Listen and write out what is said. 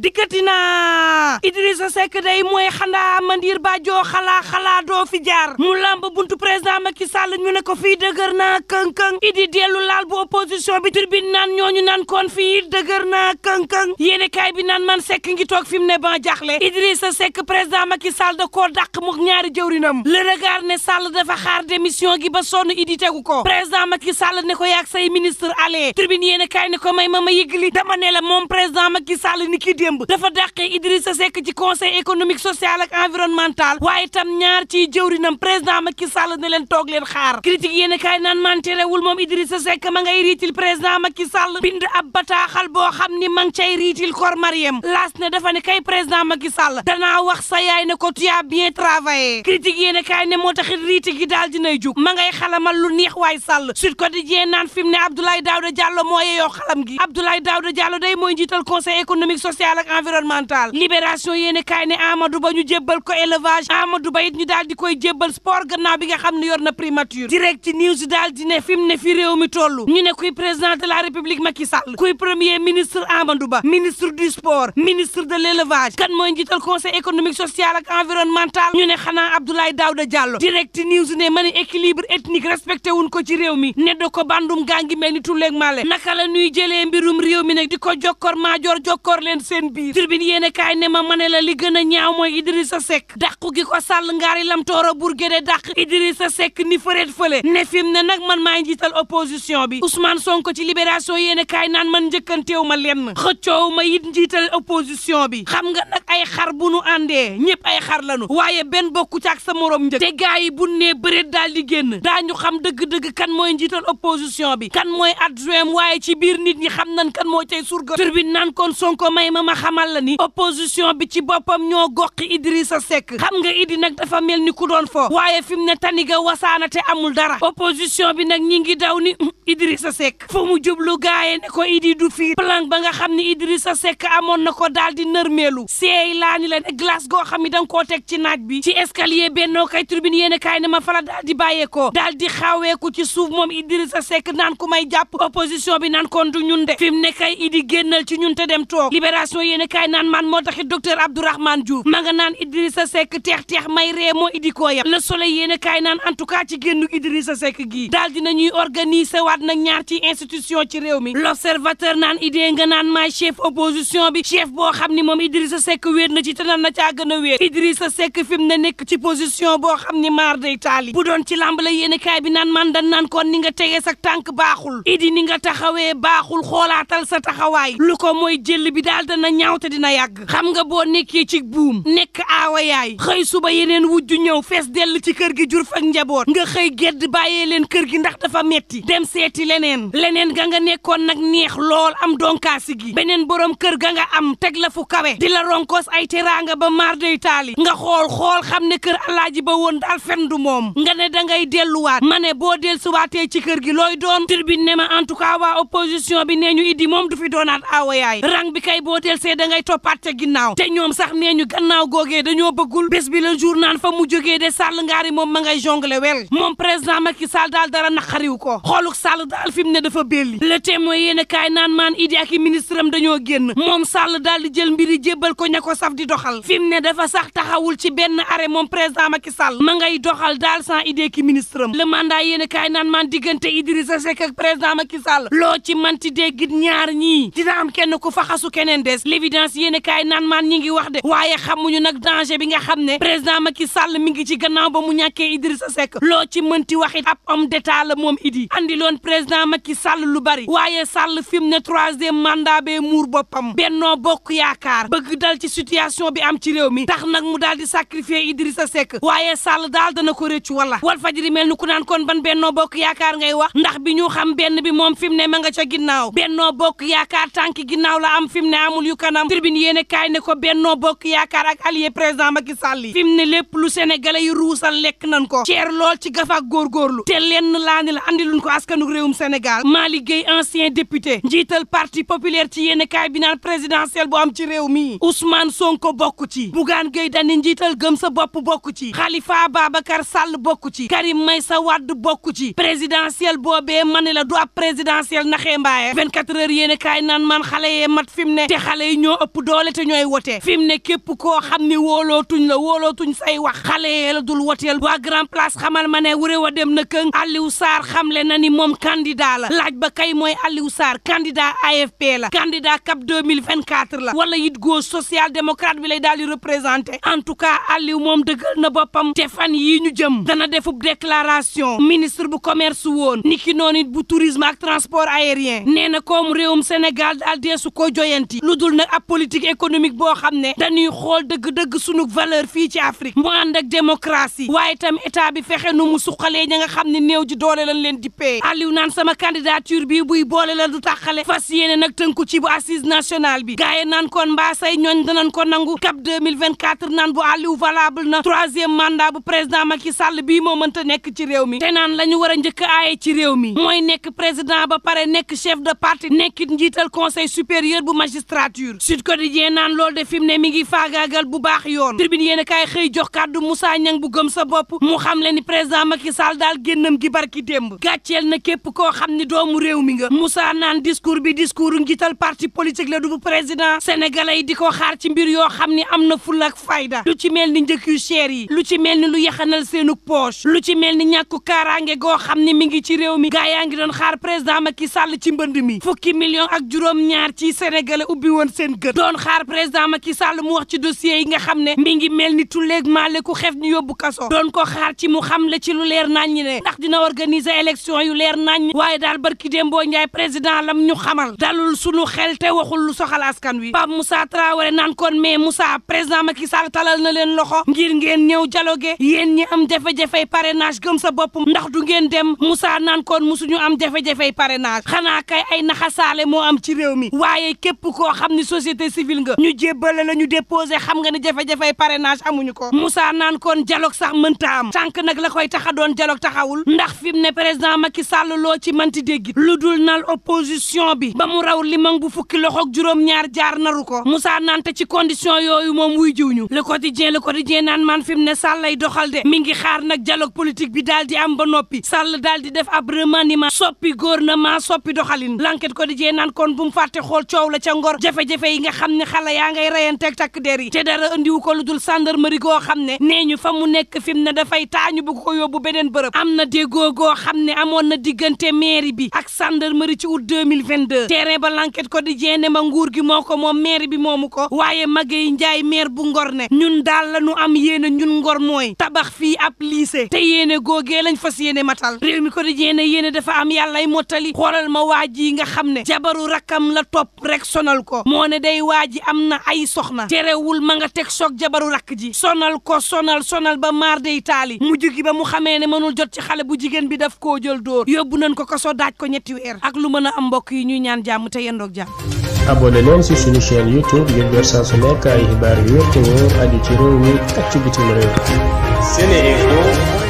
dikkati naa Idrissa Seck day mooy xanaa mandir ba joo xalaa xalaa doo fi jaar mu lamb buntu président Macky Sall ñu ne ko fii dëgër naa kënkëng idi dellu laal bu opposition bi turbine naan ñooñu naan kon fii dëgër naa kënkëng yéene kaay bi naan man Seck ngi toog fi mu ne ban jaxle Idrissa Seck président Macky Sall da koo dàq mu ñaari jëwrinam le regard ne Sall dafa xaar démission gi ba sonn idi tegu ko président Macky sal ne ko yaag say ministre ale turbine yéene kaay ne ko may ma ma yëgli dama président Macky Sall démb dafa dàqee Idrissa Seck ci conseil économique social ak environnemental waaye tam ñaar ciy jëwrinam président Macky Sall ne toog leen xaar critique yéen a kaay naan man terewul moom Idrissa Seck ma riitil président Macky Sall bind ab bataaxal boo xam ni ma ngi cay riitil kor Mariam laas ne dafa ne kay président Macky Sall danaa wax sa yaay ne ko tu as bien travaillé critique yéen a kaay ne moo taxit riiti gi daal dinay jug ma xalamal lu neex sociale ak environnementale libération yéene kaay ne ñu jébbal ko élevage Amadou Ba it ñu daal koy jébbal sport gannaaw bi nga xam ne yor na primature direct news daal ne fi ne fi réew mi toll ñu ne kuy président de la république Macky kuy premier ministre Amadou Ba ministre du sport ministre de l'élevage kan mooy njiital conseil économique social ak environnemental ñu ne xanaa Abdoulaye Daouda Diallo direct news ne mani équilibre ethnique respecté wuñ ko ci réew mi ne da ko bandum gaa ngi mel ni seen biir turbine yéen kaay ne ma mane la a ñaaw mooy Idrissa Seck dàqu gi ko sàll ngaari lam toora burgéde dàq Idrissa Seck ni fëreet fële ne fi mu ne nag man maay njiital opposition bi Ousmane Sonko ci libération yéen kaay naan man njëkkanteew ma lenn xëccoow ma it njiital opposition bi xam nga nag ay xar bu nu àndee ñëpp ay xar lanu waaye benn bokku ci ak sa morom njëkk te gaa yi bu nee bëreet daal di génn daañu xam dëgg-dëgg kan mooy njiital opposition bi kan mooy adjoint waaye ci biir nit ñi xam ma xamal la ni opposition bi ci boppam ñoo goqi Idrissa Seck xam nga Idi nag dafa mel ni ku doon fo waaye fi mu ne taniga wasaana te amul dara opposition bi nag ñi ngi daw ni Idrissa Seck fu mu jublu gaaye ne ko Idi du fii plan ba nga xam ni Idrissa Seck amoon na ko daal di nërmeelu seey laa ni la ne goo xam ni da nga koo teg ci naaj bi ci escalier bennoo kay tribune yéen kaay ne ma fala daal di bàyyeekoo daal di xaaweeku ci suuf moom Idrissa Seck naan ku may jàpp opposition bi naan kon du ñun de fi mu ne kay Idi génnal ci ñun te dem toog libération libération yéen a kaay naan maan moo taxit docteur Abdourahmane Diouf ma nga naan Idrissa Seck teex teex may ree moo idi koo yam le soleil yéen a kaay naan en ci génnu Idrissa Seck gii daal dinañuy organiser waat nag ñaar ci institution ci réew mi l'observateur naan idée nga naan maay chef opposition bi chef boo xam ni moom Idrissa Seck wéet na ci tanal na caa gën a wéet Idrissa Seck fi mu nekk ci position boo xam ni maar day taali bu doon ci lamb la yéen a kaay bi naan man dan naan kon ni nga sa tànk baaxul idi ni nga taxawee baaxul xoolaatal sa taxawaay lu ko mooy jël bi ñaaw te dina yàgg xam nga boo nekkee ci buum nekk aawa yaay xëy suba yeneen wujju ñëw fees dell ci kër gi jur fak njaboot nga xëy gedd bàyyee leen kër gi ndax dafa metti dem seeti leneen leneen ga nga nekkoon nag neex lool am donkaasi gi beneen borom kër ga nga am teg la fu kawe di la ronkos ay teraanga ba maar day taali nga xool xool xam ne kër alaaji ba woon daal fen du moom nga ne dangay delluwaat ma ne boo dellusiwaatee ci kër gi looy doon tir tribune ne ma en tout cas waa opposition bi nee ñu Idi moom du fi doonaat aawa yaay rang bi kay boo del commencé da ngay toppaat ca ginnaaw te ñoom sax nee ñu gannaaw googee dañoo bëggul bés bi la jour naan fa mu jógee de Sall ngaari moom ma ngay jongle wel moom président Macky Sall daal dara naqariw ko xooluk Sall daal fi mu ne dafa belli le témoin yéen kaay naan maan Idi ak i ministre am dañoo génn moom Sall daal di jël mbiri jébbal ko ña ko saf di doxal fi ne dafa sax taxawul ci benn arrêt moom président Macky Sall ma ngay doxal daal sans Idi ki ministre am le mandat yéen kaay naan maan diggante Idrissa Seck ak président Macky Sall loo ci manti dee git ñaar ñii dina kenn ku fa xasu keneen l'évidence l'évidence yéen kaay naan maan ñi ngi wax de waaye xamuñu nag danger bi nga xam ne président Macky Sall mi ngi ci gannaaw ba mu ñàkkee Idrissa sekk loo ci mënti waxit ab homme d'état la moom idi andi loon président Macky Sall lu bari waaye Sall fi mu ne troisième mandat bee muur boppam bennoo bokk yaakaar bëgg dal ci situation bi am ci réew mi ndax nag mu daal di sacrifier Idrissa Seck waaye Sall daal dana ko rëccu wala wal fajiri mel ni ku naan kon ban bennoo bokk yaakaar ngay wax ndax bi ñu xam benn bi moom fi mu ne ma nga ca ginnaaw bennoo bokk yaakaar tànk am yu kanam tribune yéene kaay ne ko bennoo bokk yaakaar ak allié président Macky Sall yi fi mu ne lépp lu sénégalais yu ruusal lekk nan ko ceer lool ci gafak góorgóorlu te lenn laa ni la andiluñ ko askanu réewum Sénégal Malick Gueye ancien njiital parti populaire ci yéene kaay bi naan présidentiel bu am ci réew mi Ousmane Sonko bokk ci Bougane Gueye Dany njiital gëm sa bopp bokk ci Khalifa Babacar Sall bokk ci Karim Meïssa Wade bokk ci présidentiel boobee ma la du ab présidentiel naxee mbaaye 24 heures yéene kaay naan xale yee mat fi mu ne te xale xale yi ñoo ëpp doole te ñooy wote fi mu ne képp koo xam ni wóolootuñ la wóolootuñ say wax xale la dul woteel waa grand place xamal ma ne wuré wa dem na këng Aliou xam le na ni moom candidat la laaj ba kay mooy Aliou Sarr candidat AFP la candidat CAP 2024 la wala it góor social démocrate bi lay daal di représenté en tout cas Aliou moom dëggal na boppam te fan yii ñu jëm dana defub déclaration ministre bu commerce woon niki noonu it bu tourisme ak transport aérien nee na koom réewum Sénégal daal deesu ko dul nag ab politique économique boo xam ne dañuy xool dëgg-dëgg sunu valeur fii ci Afrique mu ànd ak démocratie waaye tam état bi fexe nu mu suqalee ña nga xam ne néew ji doole lañ leen di pee Aliou naan sama candidature bi buy boole la du tax xale fas yéene nag tënku ci bu assise nationale bi gars yi naan kon mbaasay ñooñ danañ ko nangu cap 2024 naan bu Aliou valable na troisième mandat bu président Macky bi bii moo mënta nekk ci réew mi te naan lañu ñu war a njëkk aaye ci réew mi mooy nekk président ba pare nekk chef de parti nekkit njiital conseil supérieur bu magistrature primature Sud Quotidien naan loolu de fi ne mi ngi faagaagal bu baax yoon tribune yéen a kaay xëy jox kàddu Moussa Niang bu gëm sa bopp mu xam le ni président Macky Sall daal génnam gi barki démb gàcceel na képp koo xam ni doomu réew mi nga Moussa naan discours bi discours njiital parti politique la du bu président sénégalais yi di ko xaar ci mbir yoo xam ni am na fulla ak fayda lu ci mel ni njëkk yu cher yi lu ci mel ni lu yaxanal seenu poche lu ci mel ni ñàkku kaaraange goo xam ni mi ngi ci réew mi gaa yaa ngi doon xaar président Macky Sall ci mbënd mi seen gët doon xaar président Macky Sall mu wax ci dossier yi nga xam ne mi ngi mel ni tulleeg maale ku xef ñu yóbbu kaso doon ko xaar ci mu xam le ci lu leer nañ ñi ne ndax dina organiser élection yu leer nañ waaye daal barki Dembo Ndiaye président lam ñu xamal dalul sunu xel te waxul lu soxal askan wi Pape Moussa Traoré naan kon mais Moussa président Macky Sall talal na leen loxo ngir ngeen ñëw dialogue yéen ñi am jafe-jafey parrainage gëm sa bopp ndax du ngeen dem Moussa naan kon am jafe-jafey parrainage xanaa kay ay naxasaale moo am ci réew mi waaye képp ni société civile nga ñu jébbale la ñu déposé xam nga ne jafe-jafey parrainage amuñu ko Moussa naan kon dialogue sax mënta am tànk nag la koy taxa doon dialogue taxawul ndax fi mu ne président Macky Sall loo ci manti dégg lu dul nal opposition bi ba mu raw limang bu fukki loxoog juróom-ñaar jaar naru ko Moussa naan te ci condition yooyu moom wuy jiw ñu le quotidien le quotidien naan man fi mu ne Sall lay doxal de mi ngi xaar nag dialogue politique bi daal di am ba noppi Sall daal di def ab remaniement soppi gouvernement soppi doxalin l'enquête quotidien naan kon bu mu fàtte xool coow la ca ngor jafe jafe-jafe yi nga xam ne xale yaa ngay reyanteeg takk der yi te dara andiwu ko lu dul gendarmerie goo xam ne nee ñu fa mu nekk fi mu ne dafay taañu bu ko yóbbu beneen bërëb am na déggoo goo xam ne amoon na diggante mairie bi ak gendarmerie ci août 2022 terrain ba l'enquête ko di jeene ma nguur gi moo ko moom meeri bi moomu ko waaye Maguette Ndiaye maire bu Ngor ne ñun daal la ñu am yéene ñun Ngor mooy tabax fii ab lycée te goo gee lañ fas yéene matal réew mi ko di jeene dafa am yàllay mottali xoolal ma waa ji nga xam ne jabaru rakkam la topp rek sonal ko moo ne day waa ji am na ay soxna terewul ma nga teg soog jabaru rakk ji sonal ko sonal sonal ba maar day taali mujj gi ba mu xamee ne mënul jot ci xale bu jigéen bi daf koo jël dóor yóbbu nañ ko kaso daaj ko ñetti weer ak lu mën a am mbokk yi ñuy ñaan jàmm te yendoog jàmm abonné leen ci suñu chaîne youtube ngir jot saa su nekk xibaar yu wér te wóor ci réew mi ak ci bitim réew